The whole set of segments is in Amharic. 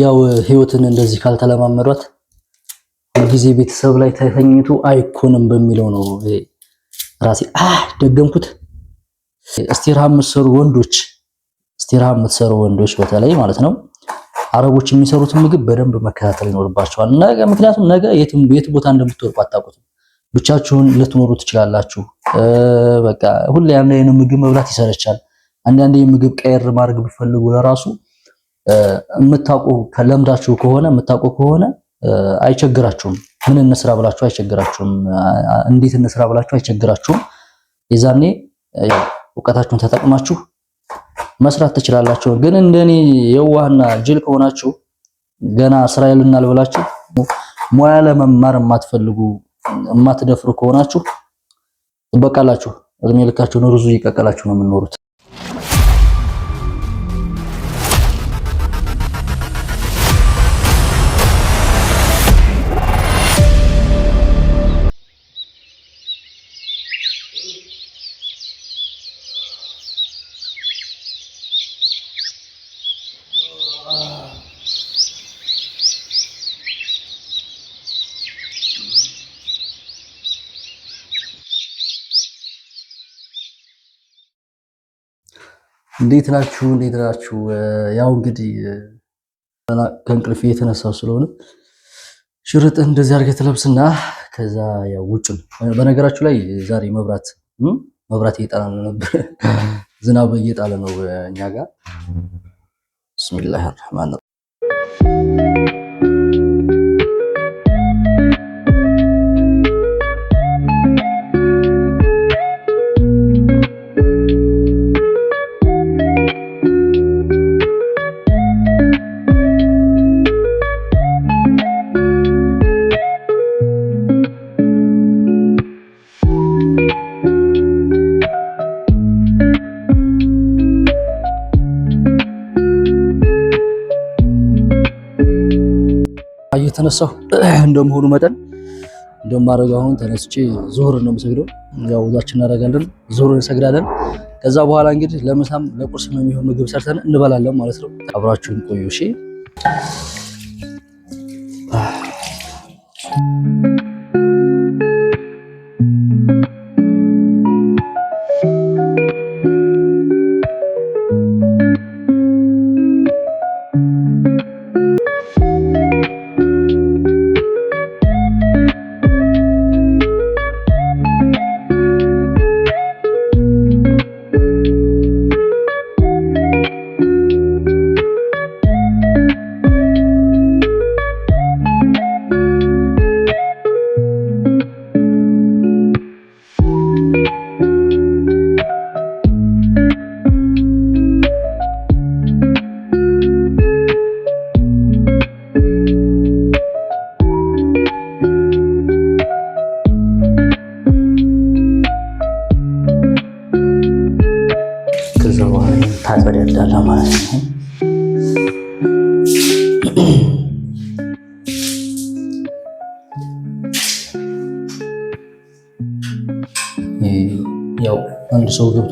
ያው ህይወትን እንደዚህ ካልተለማመዷት ጊዜ ቤተሰብ ላይ ተኝቶ አይኮንም በሚለው ነው ራሴ አህ ደገምኩት። እስቲርሃም የምትሰሩ ወንዶች እስቲርሃም የምትሰሩ ወንዶች በተለይ ማለት ነው አረቦች የሚሰሩትን ምግብ በደንብ መከታተል ይኖርባቸዋል። ነገ ምክንያቱም ነገ የት ቦታ እንደምትወርቁ አታውቁትም። ብቻችሁን ልትኖሩ ትችላላችሁ። በቃ ሁሌ አንድ ምግብ መብላት ይሰለቻል። አንዳንዴ ምግብ ቀየር ማድረግ ብፈልጉ ለራሱ የምታውቁ ከለምዳችሁ ከሆነ የምታውቁ ከሆነ አይቸግራችሁም። ምን እንስራ ብላችሁ አይቸግራችሁም። እንዴት እንስራ ብላችሁ አይቸግራችሁም። የዛኔ እውቀታችሁን ተጠቅማችሁ መስራት ትችላላችሁ። ግን እንደኔ የዋህና ጅል ከሆናችሁ ገና ስራ እናል ብላችሁ ሙያ ለመማር የማትፈልጉ የማትደፍሩ ከሆናችሁ ትበቃላችሁ። እድሜ ልካችሁን ሩዙ ይቀቀላችሁ ነው ኖሩት። እንዴት ናችሁ? እንዴት ናችሁ? ያው እንግዲህ ከእንቅልፌ የተነሳው ስለሆነ ሽርጥ እንደዚህ አድርገህ ትለብስና ከዛ ያው ውጭ ነው። በነገራችሁ ላይ ዛሬ መብራት መብራት እየጣለ ነው ነበር፣ ዝናብ እየጣለ ነው እኛ ጋር። ብስሚላህ ራህማን እየተነሳሁ እንደመሆኑ መጠን እንደማደርገው አሁን ተነስቼ ዙሁር ነው የምሰግደው። ያው ውዛችን እናደርጋለን፣ ዙሁር እንሰግዳለን። ከዛ በኋላ እንግዲህ ለምሳም ለቁርስ ነው የሚሆን ምግብ ሰርተን እንበላለን ማለት ነው። አብራችሁን ቆዩ እሺ።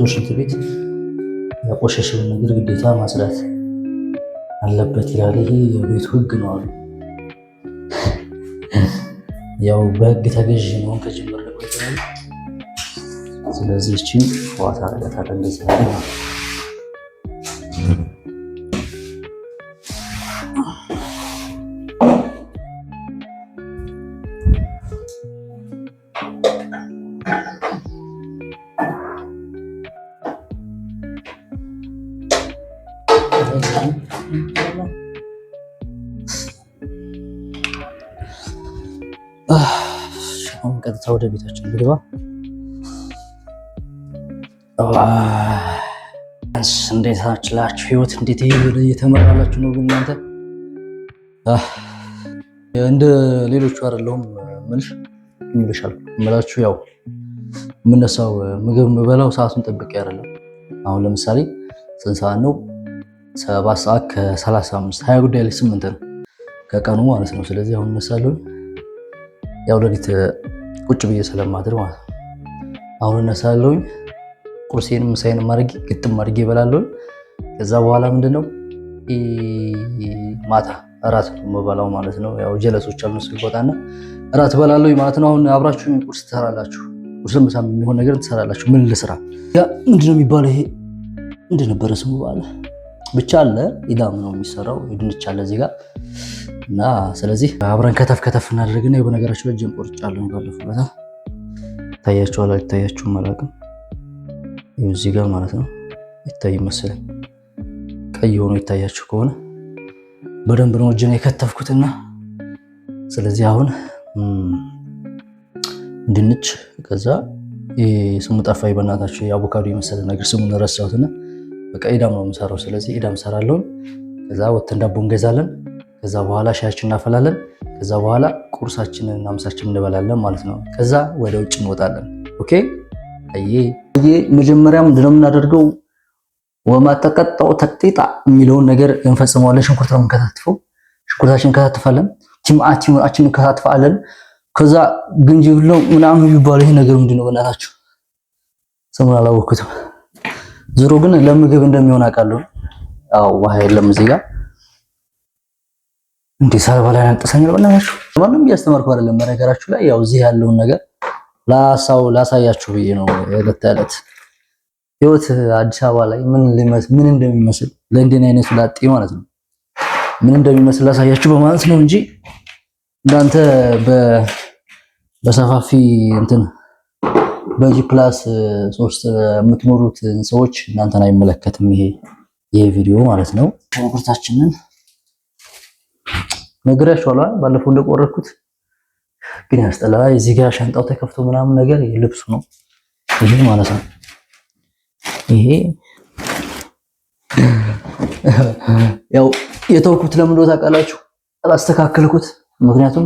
ምክንያቱም ሽንት ቤት ያቆሸሸውን ነገር ግዴታ ማጽዳት አለበት ይላል። ይሄ የቤቱ ህግ ነው አሉ። ያው በህግ ተገዥ ከጀመር ከጅምር። ስለዚህ እችን ዋታ ረገታ ረጋታ ነው ቀጥታ ወደ ቤታችን እንግባ። እንዴት ናችላችሁ? ህይወት እንዴት ወደ እየተመራላችሁ ነው? ግን እናንተ እንደ ሌሎቹ አይደለሁም። ምንሽ ይልሻል እምላችሁ ያው የምነሳው ምግብ የምበላው ሰዓቱን ጠብቄ አይደለም። አሁን ለምሳሌ ስንት ሰዓት ነው? ሰባት ሰዓት ከሰላሳ አምስት ሀያ ጉዳይ ላይ ስምንት ነው ከቀኑ ማለት ነው። ስለዚህ አሁን እነሳለሁ ያው ሌሊት ቁጭ ብዬ ስለማድር ማለት ነው። አሁን እነሳለሁኝ ቁርሴን ምሳዬንም አድርጌ ግጥም አድርጌ እበላለሁኝ። ከዛ በኋላ ምንድነው ማታ እራት ነው የምበላው ማለት ነው። ያው ጀለሶች አሉ ስል ቦታና እራት እበላለሁኝ ማለት ነው። አሁን አብራችሁ ቁርስ ትሰራላችሁ፣ ቁርስ ምሳም የሚሆን ነገር ትሰራላችሁ። ምን ልስራ ያ ምንድነው የሚባለው ይሄ እንደነበረ ስሙ ባለ ብቻ አለ ኢዳም ነው የሚሰራው ድንች አለ እዚህ ጋር እና ስለዚህ አብረን ከተፍ ከተፍ እናደርግና በነገራችን ላይ እጄን ቆርጫለሁ። ባለፈው በታ ይታያችኋል አይታያችሁም አላውቅም። እዚህ ጋር ማለት ነው ይታይ መሰለኝ ቀይ ሆኖ ይታያችሁ ከሆነ በደንብ ነው እጄን የከተፍኩትና ስለዚህ አሁን ድንች ከዛ ስሙ ጠፋኝ በእናታችሁ የአቮካዶ የመሰለ ነገር ስሙን ረሳሁትና በቃ ኢዳም ነው የምሰራው። ስለዚህ ኢዳም ሰራለሁን። ከዛ ወተን ዳቦ እንገዛለን። ከዛ በኋላ ሻያችን እናፈላለን። ከዛ በኋላ ቁርሳችንን እና ምሳችንን እንበላለን ማለት ነው። ከዛ ወደ ውጭ እንወጣለን። ኦኬ አዬ መጀመሪያ ምንድን ነው የምናደርገው? ወማተቀጣው ተቅጢጣ የሚለውን ነገር እንፈጽመዋለን። ሽንኩርት ነው የምንከታትፈው። ሽንኩርታችን እንከታትፋለን። ቲማቲማችንን እንከታትፋለን። ከዛ ግንጅብል ነው ምናምን የሚባለው ይሄ ነገር ምንድን ነው? በእናታችሁ ስሙን አላወኩትም። ዞሮ ግን ለምግብ እንደሚሆን አውቃለሁ። አዎ ውሃ የለም እዚህ ጋር እንዴ ሳልባ ላይ አንጠሳኛል። በእናታችሁ ማንም እያስተማርኩ አይደለም። በነገራችሁ ላይ ያው እዚህ ያለውን ነገር ላሳው ላሳያችሁ ብዬ ነው። የዕለት ተዕለት ህይወት አዲስ አበባ ላይ ምን ምን እንደሚመስል ለእንደኔ አይነት ላጤ ማለት ነው ምን እንደሚመስል ላሳያችሁ በማለት ነው እንጂ እንዳንተ በ በሰፋፊ እንትን በጂ ፕላስ ሶስት የምትኖሩት ሰዎች እናንተን አይመለከትም ይሄ ይሄ ቪዲዮ ማለት ነው። ሽንኩርታችንን ነግራችኋለሁ። ባለፈው እንደቆረኩት ግን ያስጠላ። እዚህ ጋር ሻንጣው ተከፍቶ ምናምን ነገር ልብሱ ነው ይሄ ማለት ነው። ይሄ ያው የተውኩት ለምን እንደሆነ ታውቃላችሁ፣ አላስተካከልኩት። ምክንያቱም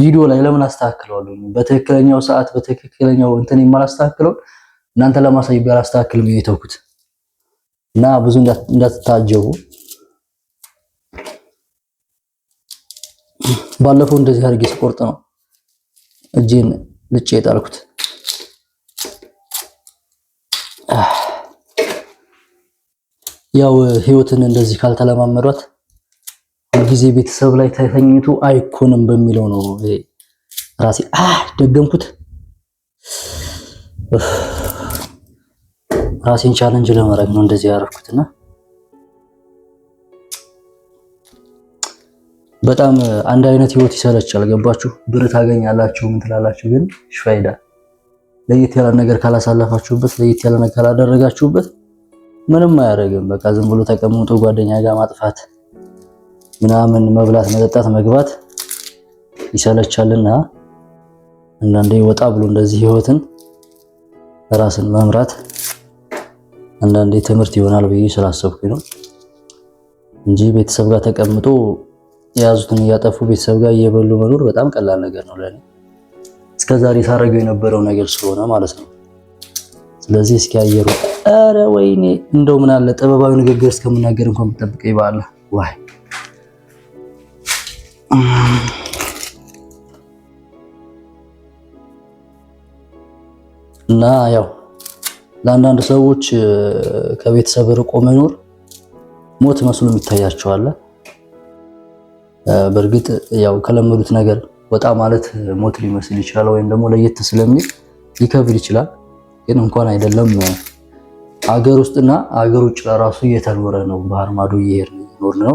ቪዲዮ ላይ ለምን አስተካክለዋለሁ? በትክክለኛው ሰዓት በትክክለኛው እንትን የማላስተካክለው እናንተ ለማሳየት አላስተካክልም የተውኩት እና ብዙ እንዳትታጀቡ ባለፈው እንደዚህ አድርጌ ስቆርጥ ነው እጄን ልጭ የጣልኩት። ያው ህይወትን እንደዚህ ካልተለማመዷት ሁልጊዜ ቤተሰብ ላይ ተኝቶ አይኮንም በሚለው ነው ራሴ አህ ደገምኩት። ራሴን ቻለንጅ ለማድረግ ነው እንደዚህ ያደረኩትና በጣም አንድ አይነት ህይወት ይሰለቻል። ገባችሁ? ብር ታገኛላችሁ፣ ምን ትላላችሁ፣ ግን ሽፋይዳ ለየት ያለ ነገር ካላሳለፋችሁበት፣ ለየት ያለ ነገር ካላደረጋችሁበት ምንም አያደርግም። በቃ ዝም ብሎ ተቀምጦ ጓደኛ ጋር ማጥፋት ምናምን፣ መብላት፣ መጠጣት፣ መግባት ይሰለቻልና አንዳንዴ ወጣ ብሎ እንደዚህ ህይወትን ራስን መምራት አንዳንዴ ትምህርት ይሆናል ብዬ ስላሰብኩኝ ነው እንጂ ቤተሰብ ጋር ተቀምጦ የያዙትን እያጠፉ ቤተሰብ ጋር እየበሉ መኖር በጣም ቀላል ነገር ነው ለእኔ እስከዛሬ ሳረገው የነበረው ነገር ስለሆነ ማለት ነው። ስለዚህ እስኪ አየሩ ኧረ ወይኔ እንደው ምን አለ ጥበባዊ ንግግር እስከምናገር እንኳን ብጠብቀ ይባለ ዋይ እና ያው ለአንዳንድ ሰዎች ከቤተሰብ ርቆ መኖር ሞት መስሎ የሚታያቸዋል። በእርግጥ ያው ከለመዱት ነገር ወጣ ማለት ሞት ሊመስል ይችላል፣ ወይም ደግሞ ለየት ስለሚል ሊከብድ ይችላል። ግን እንኳን አይደለም አገር ውስጥና አገር ውጭ ራሱ እየተኖረ ነው። ባህር ማዶ እየሄድ ኖር ነው።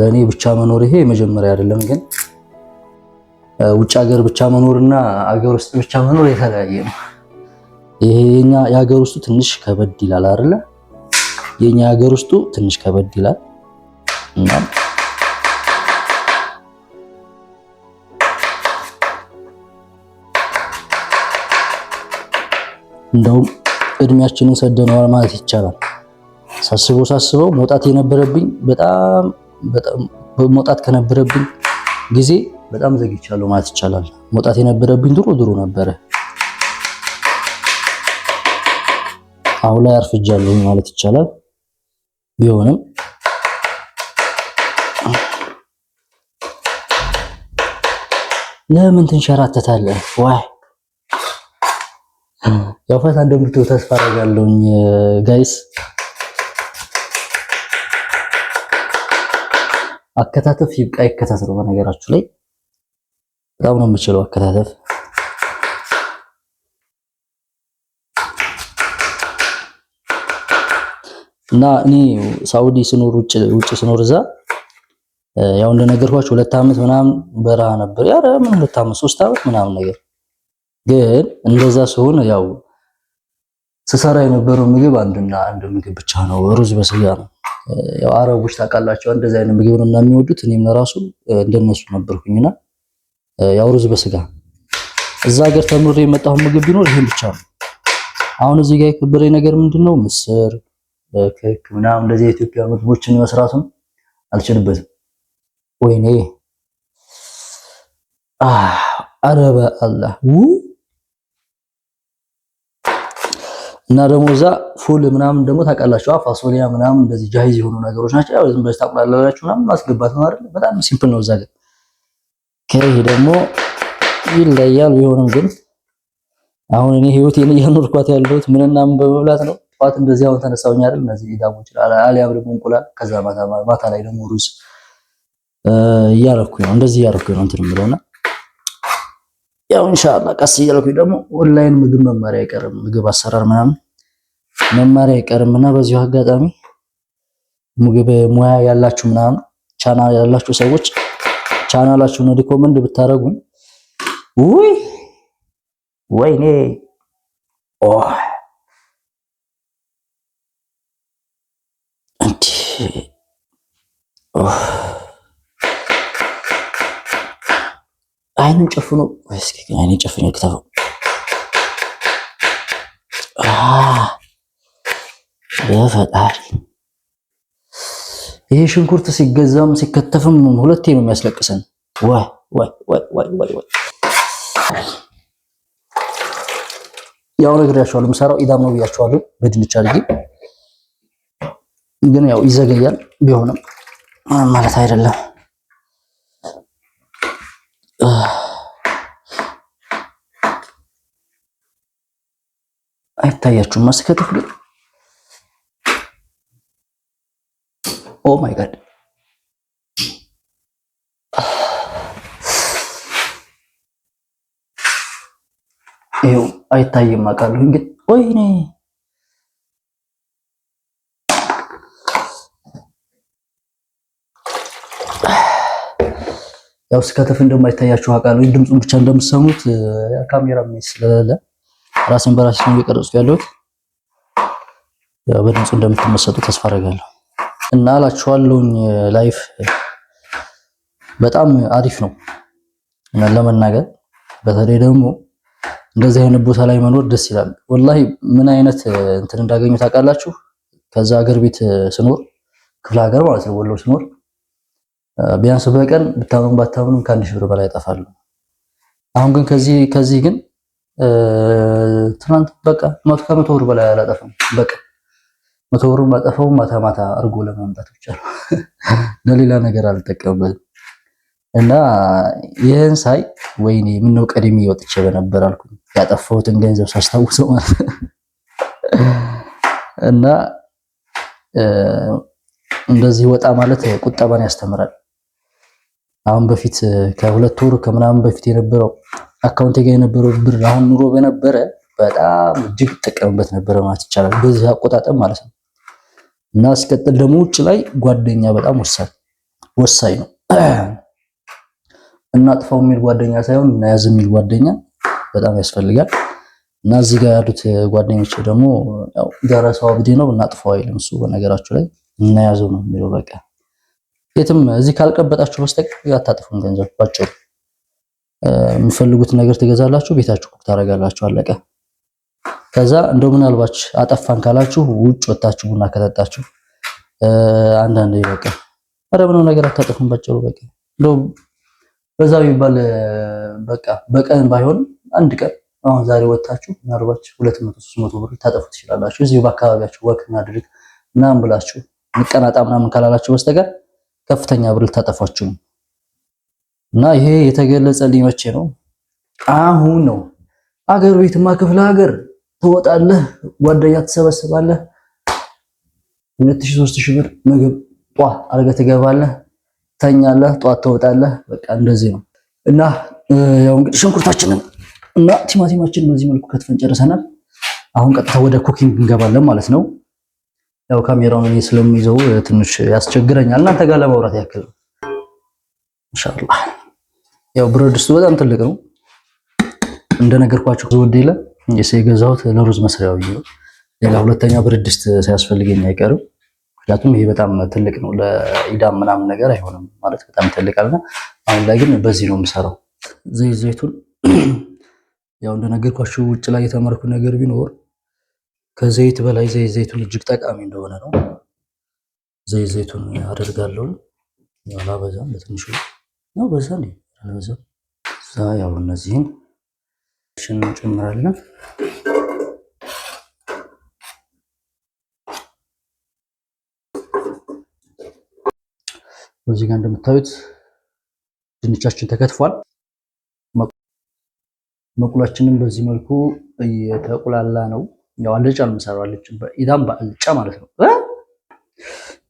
ለእኔ ብቻ መኖር ይሄ መጀመሪያ አይደለም። ግን ውጭ ሀገር ብቻ መኖርና አገር ውስጥ ብቻ መኖር የተለያየ ነው። የኛ የሀገር ውስጡ ትንሽ ከበድ ይላል አይደለ? የኛ የሀገር ውስጡ ትንሽ ከበድ ይላል እናም እንደውም እድሜያችንን ሰደነዋል ማለት ይቻላል። ሳስበው ሳስበው መውጣት የነበረብኝ በጣም መውጣት ከነበረብኝ ጊዜ በጣም ዘግቻለሁ ማለት ይቻላል። መውጣት የነበረብኝ ድሮ ድሮ ነበረ። አሁን ላይ አርፍጃለሁ ማለት ይቻላል። ቢሆንም ለምን ትንሸራተታለህ ዋይ ያው ፈታ እንደምትሉ ተስፋ አደርጋለሁኝ ጋይስ። አከታተፍ ይብቃ ይከታተሉ። በነገራችሁ ላይ በጣም ነው የምችለው አከታተፍ። እና እኔ ሳውዲ ስኖር ውጭ ውጭ ስኖር እዛ ያው እንደነገርኳችሁ ሁለት ዓመት ምናምን በረሃ ነበር። ያረ ምን ሁለት ዓመት ሶስት ዓመት ምናምን ነገር ግን እንደዛ ሲሆን ያው ስሰራ የነበረው ምግብ አንድና አንድ ምግብ ብቻ ነው፣ ሩዝ በስጋ ነው። ያው አረቦች ታውቃላቸው እንደዚህ አይነት ምግብ ነው እና የሚወዱት። እኔም ለራሱ እንደነሱ ነበርኩኝና ያው ሩዝ በስጋ እዛ ሀገር ተምሬ የመጣሁ ምግብ ቢኖር ይሄን ብቻ ነው። አሁን እዚህ ጋር የከበረኝ ነገር ምንድነው? ምስር ክክ ምናምን እንደዚህ የኢትዮጵያ ምግቦችን መስራቱን አልችልበትም። ወይኔ አረበ አላህ እና ደግሞ እዛ ፉል ምናምን ደግሞ ታውቃላችሁ፣ ፋሶሊያ ምናምን እንደዚህ ጃይዝ የሆኑ ነገሮች ናቸው። ያው ዝም ብለሽ ታቁላላችሁ ምናምን ማስገባት ነው አይደል? በጣም ሲምፕል ነው። እዛ ግን ከይሄ ደግሞ ይለያል። ቢሆንም ግን አሁን እኔ ህይወቴን እያኖርኳት ያለሁት ምንና ምን በመብላት ነው። ጠዋት እንደዚህ አሁን ተነሳሁኝ አይደል? እነዚህ ዳቦች አልያም ደግሞ እንቁላል፣ ከዛ ማታ ላይ ደግሞ ሩዝ እያረኩኝ ነው። እንደዚህ እያረኩኝ ነው እንትን የምለውና ያው ኢንሻአላህ ቀስ እያልኩኝ ደግሞ ኦንላይን ምግብ መማሪያ አይቀርም ምግብ አሰራር ምናምን መማሪያ አይቀርም እና በዚሁ አጋጣሚ ምግብ ሙያ ያላችሁ ምናምን ቻናል ያላችሁ ሰዎች ቻናላችሁን ሪኮመንድ ብታደርጉ ውይ ወይኔ ኦ እንዴ አይኑን ጨፍኖ አይኔ ጨፍኖ ከተፈው በፈጣሪ ይህ ሽንኩርት ሲገዛም ሲከተፍም ሁለቴ ነው የሚያስለቅሰን። ወይ ያው ነግሬያቸዋለሁ። የምሰራው ኢዳም ነው ብያቸዋለሁ። በድንች አድርጌ ግን ያው ይዘገያል። ቢሆንም ማለት አይደለም Aita ya cuma sekitar dulu. Oh my god. Eh, aita ya makan lagi. Oh ini. ያው ስከተፍ እንደማይታያችሁ አውቃለሁ። ድምፁን ብቻ እንደምትሰሙት ካሜራ ስለሌለ ራስን በራስ ነው እየቀረጽኩ ያለሁት። በድምፁ እንደምትመሰጡ ተስፋ አደርጋለሁ እና አላችኋለሁኝ። ላይፍ በጣም አሪፍ ነው እና ለመናገር በተለይ ደግሞ እንደዚህ አይነት ቦታ ላይ መኖር ደስ ይላል። ወላሂ ምን አይነት እንትን እንዳገኙ ታውቃላችሁ? ከዛ ሀገር ቤት ስኖር ክፍለ ሀገር ማለት ነው ወሎ ስኖር ቢያንስ በቀን ብታምኑ ባታምኑም ከአንድ ሺህ ብር በላይ ይጠፋሉ። አሁን ግን ከዚህ ከዚህ ግን ትናንት በቃ መቶ ከመቶ ብር በላይ አላጠፋም። በቃ መቶ ብር ባጠፋው ማታ ማታ አርጎ ለማምጣት ብቻ ነው፣ ለሌላ ነገር አልጠቀምበትም። እና ይህን ሳይ ወይኔ ምነው ቀድሜ ወጥቼ በነበር አልኩኝ፣ ያጠፋሁትን ገንዘብ ሳስታውሰው ማለት እና እንደዚህ ወጣ ማለት ቁጠባን ያስተምራል። አሁን በፊት ከሁለት ወር ከምናምን በፊት የነበረው አካውንቴ ጋር የነበረው ብር አሁን ኑሮ በነበረ በጣም እጅግ ጠቀምበት ነበረ ማለት ይቻላል። በዚህ አቆጣጠም ማለት ነው። እና ሲቀጥል ደግሞ ውጭ ላይ ጓደኛ በጣም ወሳኝ ወሳኝ ነው። እናጥፋው የሚል ጓደኛ ሳይሆን እናያዝ የሚል ጓደኛ በጣም ያስፈልጋል። እና እዚህ ጋር ያሉት ጓደኞች ደግሞ ያው ጋራ ሰው አብዴ ነው። እናጥፋው አይልም እሱ በነገራችሁ ላይ እናያዘው ነው የሚለው በቃ የትም እዚህ ካልቀበጣችሁ በስተቀር አታጥፉም ገንዘብ። ባጭሩ የምትፈልጉት ነገር ትገዛላችሁ፣ ቤታችሁ ቁቅ ታደርጋላችሁ። አለቀ። ከዛ እንደው ምናልባች አጠፋን ካላችሁ ውጭ ወጣችሁ ቡና ከጠጣችሁ አንዳንዴ በቃ ኧረ ምነው ነገር አታጠፉም። ባጭሩ በቃ እንደው በዛ ቢባል በቃ በቀን ባይሆንም አንድ ቀን አሁን ዛሬ ወጣችሁ ምናልባች ሁለት መቶ ሶስት መቶ ብር ታጠፉ ትችላላችሁ። እዚሁ በአካባቢያችሁ ወክ እናድርግ ምናምን ብላችሁ እንቀናጣ ምናምን ካላላችሁ በስተቀር ከፍተኛ ብር ልታጠፋችሁ እና ይሄ የተገለጸልኝ መቼ ነው? አሁን ነው። አገር ቤትማ ክፍለ ሀገር ትወጣለህ፣ ጓደኛ ትሰበስባለህ፣ ሁለት ሺህ ሦስት ሺህ ብር ምግብ ጧ አድርገህ ትገባለህ፣ ተኛለህ፣ ጧት ትወጣለህ። በቃ እንደዚህ ነው እና ያው እንግዲህ ሽንኩርታችንን እና ቲማቲማችንን በዚህ መልኩ ከትፈን ጨርሰናል። አሁን ቀጥታ ወደ ኩኪንግ እንገባለን ማለት ነው። ያው ካሜራውን እኔ ስለሚይዘው ትንሽ ያስቸግረኛል እናንተ ጋር ለማውራት ያክል ነው። ኢንሻአላህ ያው ብረት ድስቱ በጣም ትልቅ ነው እንደነገርኳችሁ ዘወድ የለ የገዛሁት ለሩዝ መስሪያ ነው። ሌላ ሁለተኛ ብረት ድስት ሳያስፈልገኝ አይቀርም። ምክንያቱም ይሄ በጣም ትልቅ ነው፣ ለኢዳም ምናምን ነገር አይሆንም ማለት በጣም ይተልቃልና፣ አሁን ላይ ግን በዚህ ነው የምሰራው። ዘይት ዘይቱን ያው እንደነገርኳችሁ ውጭ ላይ የተመረኩ ነገር ቢኖር ከዘይት በላይ ዘይት ዘይቱን እጅግ ጠቃሚ እንደሆነ ነው። ዘይት ዘይቱን አደርጋለሁ። ያላ በዛም በትንሹ ነው በዛ ነው በዛ ዛ ያው እነዚህን ሽን እንጨምራለን። በዚህ ጋር እንደምታዩት ድንቻችን ተከትፏል። መቁላችንም በዚህ መልኩ እየተቁላላ ነው። ያው አልጫ ነው የምሰራው፣ ኢዳም በአልጫ ማለት ነው።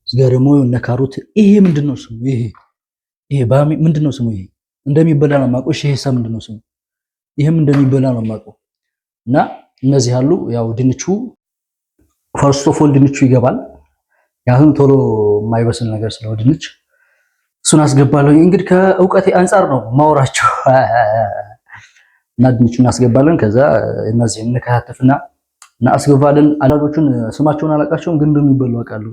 እዚጋ ደግሞ የሆነ ካሮት፣ ይሄ ምንድነው ስሙ? ይሄ ይሄ ባሚ ምንድነው ስሙ? ይሄ እንደሚበላ ነው የማውቀው። ይሄ ሰ ምንድነው ስሙ? ይሄም እንደሚበላ ነው የማውቀው። እና እነዚህ አሉ። ያው ድንቹ ፈርስት ኦፍ ኦል ድንቹ ይገባል። ያሁን ቶሎ የማይበስል ነገር ስለው ድንች እሱን አስገባለሁ። እንግዲህ ከእውቀቴ አንጻር ነው ማውራቸው እና ድንቹን እናስገባለን። ከዛ እነዚህ እንከታተፍና እና አስገባልን አዳጆቹን ስማቸውን አላውቃቸውም፣ ግን እንደሚበሉ አውቃለሁ።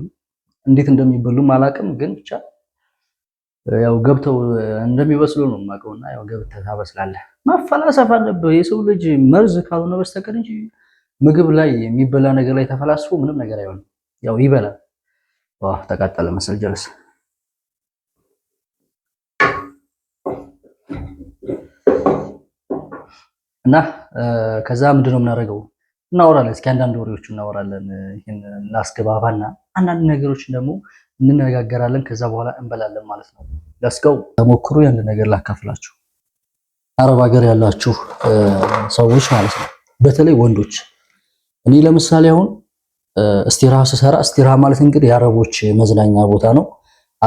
እንዴት እንደሚበሉም አላቅም ግን ብቻ ያው ገብተው እንደሚበስሉ ነው የማውቀውና ያው ገብተህ ታበስላለህ። ማፈላሰፍ አለብህ የሰው ልጅ መርዝ ካልሆነ በስተቀር እንጂ ምግብ ላይ የሚበላ ነገር ላይ ተፈላስፎ ምንም ነገር አይሆንም። ያው ይበላል። ዋ ተቃጠለ መሰል ጀለስ እና ከዛ ምንድነው የምናደርገው? እናወራለን። እስኪ አንዳንድ ወሬዎች እናወራለን። ይህን ላስገባባና አንዳንድ ነገሮችን ደግሞ እንነጋገራለን። ከዛ በኋላ እንበላለን ማለት ነው። ለስገው ተሞክሮ ያንድ ነገር ላካፍላችሁ። አረብ ሀገር ያላችሁ ሰዎች ማለት ነው፣ በተለይ ወንዶች። እኔ ለምሳሌ አሁን እስቲራ ስሰራ፣ እስቲራ ማለት እንግዲህ የአረቦች መዝናኛ ቦታ ነው።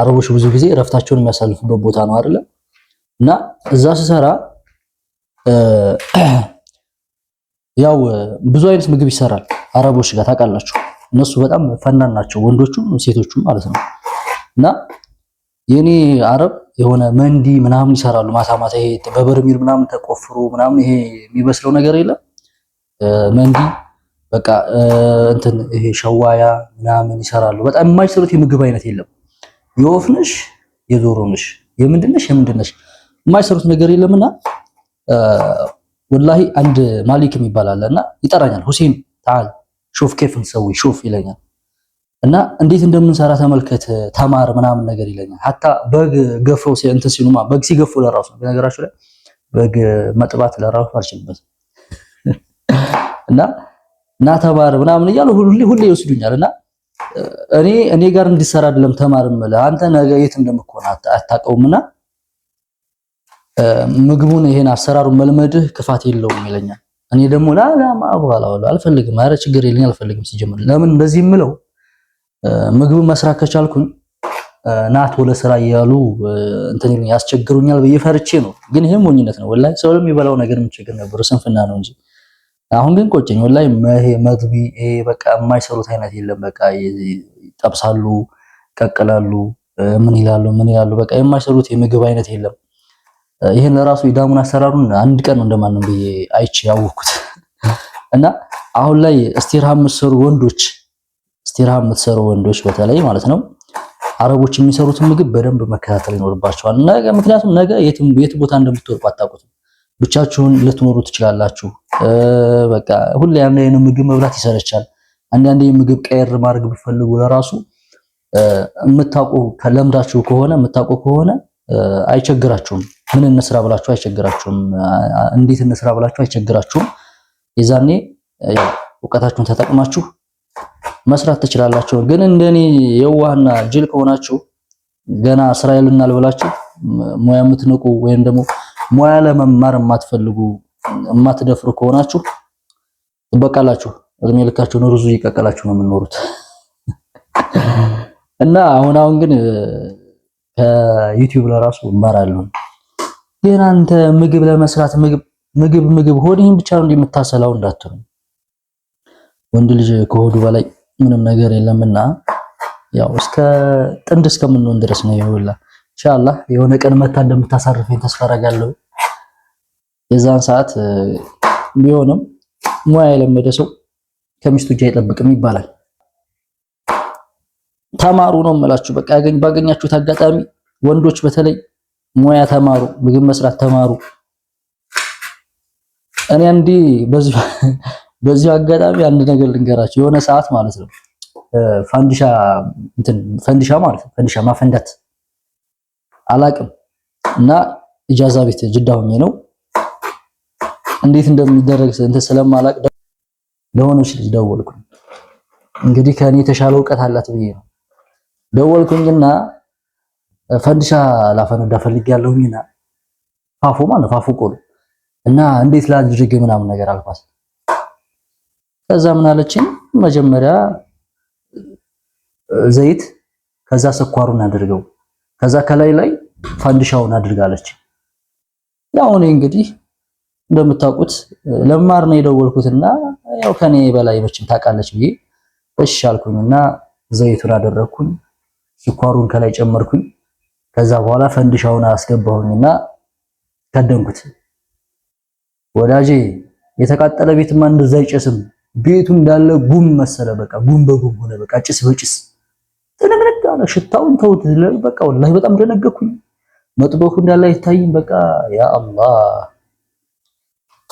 አረቦች ብዙ ጊዜ እረፍታቸውን የሚያሳልፉበት ቦታ ነው አይደለም? እና እዛ ስሰራ ያው ብዙ አይነት ምግብ ይሰራል አረቦች ጋር ታውቃላችሁ። እነሱ በጣም ፈናን ናቸው፣ ወንዶቹም ሴቶቹም ማለት ነው። እና የኔ አረብ የሆነ መንዲ ምናምን ይሰራሉ ማታ ማታ። ይሄ በበርሚል ምናምን ተቆፍሮ ምናምን ይሄ የሚበስለው ነገር የለም መንዲ በቃ እንትን ይሄ ሸዋያ ምናምን ይሰራሉ። በጣም የማይሰሩት የምግብ አይነት የለም። የወፍንሽ የዞሮንሽ የምንድነሽ የምንድነሽ የማይሰሩት ነገር የለምና ወላሂ አንድ ማሊክ የሚባል አለ እና ይጠራኛል። ሁሴን ታል ሾፍ ኬፍ እንሰዊ ሾፍ ይለኛል እና እንዴት እንደምንሰራ ተመልከት ተማር ምናምን ነገር ይለኛል። ሀታ በግ ገፈው እንትን ሲሉማ በግ ሲገፉ ለራሱ ነገራችሁ ላይ በግ መጥባት ለራሱ አልችልበት እና እና ተማር ምናምን እያሉ ሁሌ ሁሌ ይወስዱኛል እና እኔ እኔ ጋር እንዲሰራ አይደለም ተማር እምልህ አንተ ነገ የት እንደምትሆን አታውቀውምና ምግቡን ይሄን አሰራሩን መልመድህ ክፋት የለውም ይለኛል። እኔ ደግሞ ላላ ማባላ አልፈልግም፣ ኧረ ችግር የለኝ አልፈልግም። ሲጀምር ለምን እንደዚህ የምለው ምግብ መስራት ከቻልኩኝ ናት ወለ ስራ እያሉ እንትን ያስቸግሩኛል ብዬ ፈርቼ ነው። ግን ይሄም ሞኝነት ነው ወላሂ። ሰው የሚበላው ነገር የሚቸገር ነበር ስንፍና ነው እንጂ አሁን ግን ቆጨኝ ወላሂ። መሄ መግቢ በቃ የማይሰሩት አይነት የለም። በቃ ይጠብሳሉ፣ ይቀቅላሉ፣ ምን ይላሉ ምን ይላሉ። በቃ የማይሰሩት የምግብ አይነት የለም። ይሄን ለራሱ የዳሙን አሰራሩን አንድ ቀን ነው እንደማንም ብዬ አይቼ ያወኩት እና አሁን ላይ እስቲርሃም የምትሰሩ ወንዶች እስቲርሃም የምትሰሩ ወንዶች በተለይ ማለት ነው አረቦች የሚሰሩትን ምግብ በደንብ መከታተል ይኖርባቸዋል። ነገ ምክንያቱም ነገ የት ቦታ እንደምትወርቁ አታውቁትም። ብቻችሁን ልትኖሩ ትችላላችሁ። በቃ ሁሌ አንድ አይነት ምግብ መብላት ይሰለቻል። አንዳንዴ ምግብ ቀየር ማድረግ ብፈልጉ ለራሱ የምታውቁ ለምዳችሁ ከሆነ የምታውቁ ከሆነ አይቸግራችሁም። ምን እንስራ ብላችሁ አይቸግራችሁም። እንዴት እንስራ ብላችሁ አይቸግራችሁም። የዛኔ እውቀታችሁን ተጠቅማችሁ መስራት ትችላላችሁ። ግን እንደኔ የዋህና ጅል ከሆናችሁ ገና ስራ ይልናል ብላችሁ ሙያ የምትንቁ ወይም ደግሞ ሙያ ለመማር የማትፈልጉ የማትደፍሩ ከሆናችሁ ትበቃላችሁ። እድሜ ልካችሁን ሩዙ እየቀቀላችሁ ነው የምኖሩት እና አሁን አሁን ግን ከዩቲዩብ ለራሱ እማራለሁ። ግን አንተ ምግብ ለመስራት ምግብ ምግብ ምግብ ሆድህን ብቻ ነው እንደምታሰላው እንዳትሉ። ወንድ ልጅ ከሆዱ በላይ ምንም ነገር የለምና ያው እስከ ጥንድ እስከምንሆን ድረስ ነው ይውላ ኢንሻአላህ የሆነ ቀን መታ እንደምታሳርፈኝ ተስፋ አደርጋለሁ። የዛን ሰዓት ቢሆንም ሙያ የለመደ ሰው ከሚስቱ እጅ አይጠብቅም ይባላል። ተማሩ ነው የምላችሁ። በቃ ያገኝ ባገኛችሁት አጋጣሚ ወንዶች በተለይ ሙያ ተማሩ፣ ምግብ መስራት ተማሩ። እኔ አንዲ በዚሁ አጋጣሚ አንድ ነገር ልንገራችሁ። የሆነ ሰዓት ማለት ነው ፋንዲሻ እንትን ፈንዲሻ ማለት ነው ፈንዲሻ ማፈንዳት አላቅም እና ኢጃዛ ቤት ጅዳ ሆኜ ነው እንዴት እንደሚደረግ እንትን ስለማላቅ ለሆነች ልጅ ደወልኩ። እንግዲህ ከኔ የተሻለ እውቀት አላት ብዬ ነው ደወልኩኝና ፈንድሻ ላፈነዳ ፈልግ ያለሁኝና ፋፎ ማለት ፋፎ ቆሎ እና እንዴት ላድርግ ምናምን ነገር አልኳት። ከዛ ምን አለችኝ፣ መጀመሪያ ዘይት ከዛ ስኳሩን አድርገው ከዛ ከላይ ላይ ፈንድሻውን አድርጋለች። ያው እኔ እንግዲህ እንደምታውቁት ለማር ነው የደወልኩትና ያው ከኔ በላይ መቼም ታውቃለች ብዬ እሺ አልኩኝና ዘይቱን አደረግኩኝ። ስኳሩን ከላይ ጨመርኩኝ። ከዛ በኋላ ፈንድሻውን አስገባሁኝና ከደንኩት። ወዳጄ የተቃጠለ ቤትማ እንደዛ አይጨስም። ቤቱ እንዳለ ጉም መሰለ። በቃ ጉም በጉም ሆነ። በቃ ጭስ በጭስ ተነግነጋ ነው። ሽታውን ተውት። በቃ ወላሂ በጣም ደነገኩኝ። መጥበኩ እንዳለ አይታይም። በቃ ያ አላህ።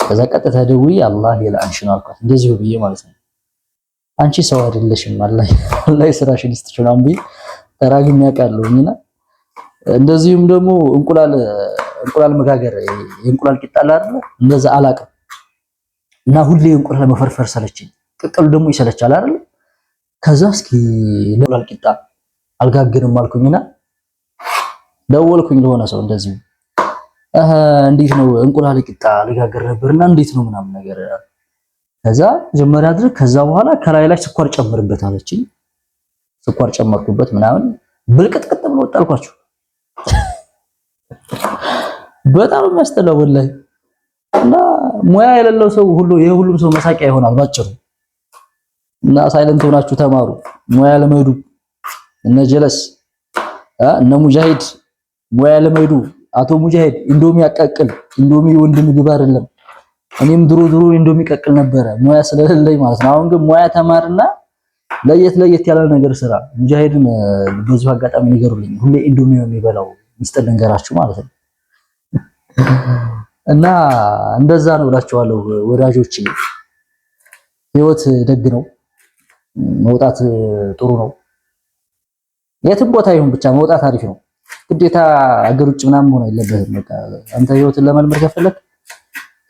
ከዛ ቀጥታ ደውዬ አላህ ይላንሽ ነው አልኳት፣ እንደዚህ ብዬ ማለት ነው። አንቺ ሰው አይደለሽም፣ አላህ አላህ ስራሽን ይስጥሽ ምናምን ብዬ ተራግኛ ቃለሁኝ እና እንደዚሁም ደግሞ እንቁላል እንቁላል መጋገር የእንቁላል ቂጣ አይደለ እንደዛ አላቅም እና ሁሌ እንቁላል መፈርፈር ሰለችኝ። ቅቅሉ ደግሞ ይሰለቻል አይደል? ከዛ እስኪ ለእንቁላል ቂጣ አልጋግርም አልኩኝና ደወልኩኝ ለሆነ ሰው እንደዚሁ እንዴት ነው እንቁላል ቂጣ ልጋግር ነበርና እንዴት ነው ምናምን ነገር ከዛ መጀመሪያ አድርግ ከዛ በኋላ ከላይ ላይ ስኳር ጨምርበት አለችኝ። ስኳር ጨመርኩበት ምናምን ብልቅጥቅጥ ብሎ ወጣ በጣም የሚያስጠላው ወላሂ። እና ሙያ የሌለው ሰው ሁሉ የሁሉም ሰው መሳቂያ ይሆናል ባጭሩ። እና ሳይለንት ሆናችሁ ተማሩ፣ ሙያ ልመዱ። እነ ጀለስ እነ ሙጃሂድ ሙያ ልመዱ። አቶ ሙጃሂድ እንዶሚ ያቀቅል እንዶሚ ወንድ ምግብ አይደለም። እኔም ድሮ ድሮ እንዶሚ ቀቅል ነበረ ሙያ ስለሌለኝ ማለት ነው። አሁን ግን ሙያ ተማርና ለየት ለየት ያለ ነገር ስራ። ሙጃሂድን በዚሁ አጋጣሚ ንገሩልኝ፣ ሁሌ ኢንዶሚ የሚበላው ምስጥ ልንገራችሁ ማለት ነው። እና እንደዛ ነው ብላችኋለሁ ወዳጆች። ህይወት ደግ ነው፣ መውጣት ጥሩ ነው። የትም ቦታ ይሁን ብቻ መውጣት አሪፍ ነው። ግዴታ አገር ውጭ ምናምን መሆን የለበትም። በቃ አንተ ህይወትን ለመልመድ ከፈለክ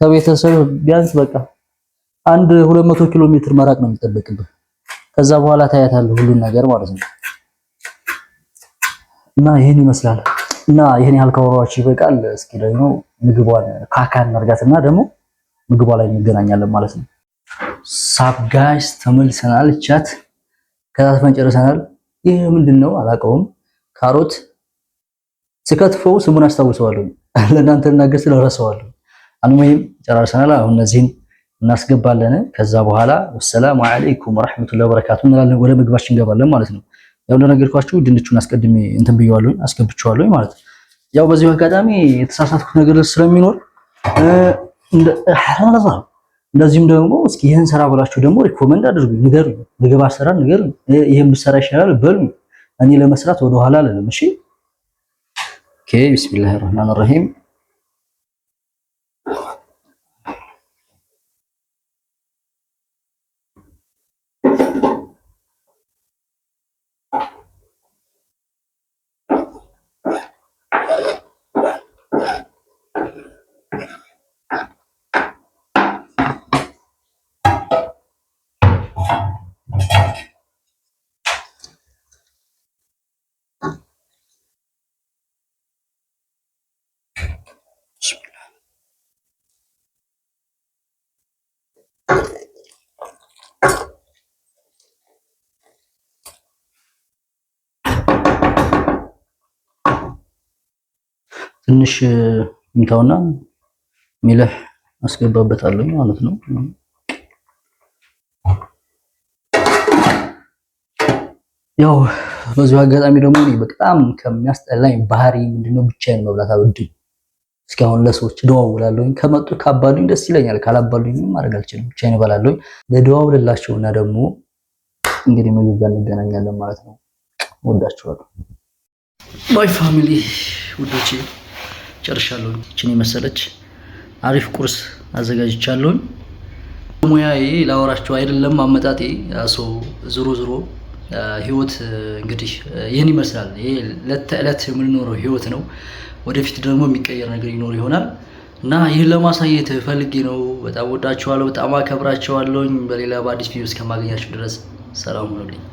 ከቤተሰብ ቢያንስ በቃ አንድ ሁለት መቶ ኪሎ ሜትር መራቅ ነው የሚጠበቅብህ። ከዛ በኋላ ታያታለህ ሁሉን ነገር ማለት ነው። እና ይሄን ይመስላል። እና ይሄን ያህል ካወራኋችሁ ይበቃል። እስኪ ደግሞ ምግቧን ካካ እናድርጋትና ደግሞ ምግቧ ላይ እንገናኛለን ማለት ነው። ሳብጋሽ ተመልሰናል። ቻት ከታትፈን ጨርሰናል። ይህ ምንድን ነው አላውቀውም። ካሮት ስከትፈው ስሙን አስታውሰዋለሁ። ለእናንተ ልናገር ስለ ረሰዋለሁ። አንሞይም ጨራርሰናል። አሁን እነዚህን እናስገባለን። ከዛ በኋላ ወሰላሙ አለይኩም ወራህመቱላሂ ወበረካቱ እንላለን። ወደ ምግባችን እንገባለን ማለት ነው። ያው እንደነገርኳችሁ ድንቹን አስቀድሜ እንትን ብየዋለሁኝ አስገብቼዋለሁ ማለት ነው። ያው በዚህ አጋጣሚ የተሳሳትኩት ነገር ስለሚኖር እንደ እንደዚህም ደግሞ እስኪ ይህን ስራ ብላችሁ ደግሞ ሪኮመንድ አድርጉ፣ ንገሩ፣ ምግብ አሰራር ንገሩ፣ ይህን ብሰራ ይሻላል በሉ። እኔ ለመስራት ወደኋላ አልልም። እሺ ኦኬ። ቢስሚላሂ ረህማን ረሂም ትንሽ እንተውና ሚልህ አስገባበታለሁ ማለት ነው። ያው በዚሁ አጋጣሚ ደግሞ እኔ በጣም ከሚያስጠላኝ ባህሪ ምንድነው ብቻዬን መብላት አልወድም። እስካሁን ለሰዎች እደዋውላለሁኝ ከመጡ ካባሉኝ ደስ ይለኛል፣ ካላባሉኝ ምንም ማድረግ አልችልም፣ ብቻዬን እበላለሁኝ። ለደዋውልላቸው እና ደግሞ እንግዲህ ምግብ ጋር እንገናኛለን ማለት ነው። ወዳችኋለሁ። ባይ ፋሚሊ ውዶቼ ጨርሻለሁ። ይችን የመሰለች አሪፍ ቁርስ አዘጋጅቻለሁኝ። ሙያዬ ላወራችሁ አይደለም አመጣጤ ሶ ዝሮ ዝሮ ህይወት እንግዲህ ይህን ይመስላል። ይሄ ዕለት ተዕለት የምንኖረው ህይወት ነው። ወደፊት ደግሞ የሚቀየር ነገር ይኖር ይሆናል እና ይህን ለማሳየት ፈልጌ ነው። በጣም ወዳቸዋለሁ፣ በጣም አከብራቸዋለሁኝ። በሌላ በአዲስ ቪዲዮ እስከማገኛችሁ ድረስ ሰላም ሁኑልኝ።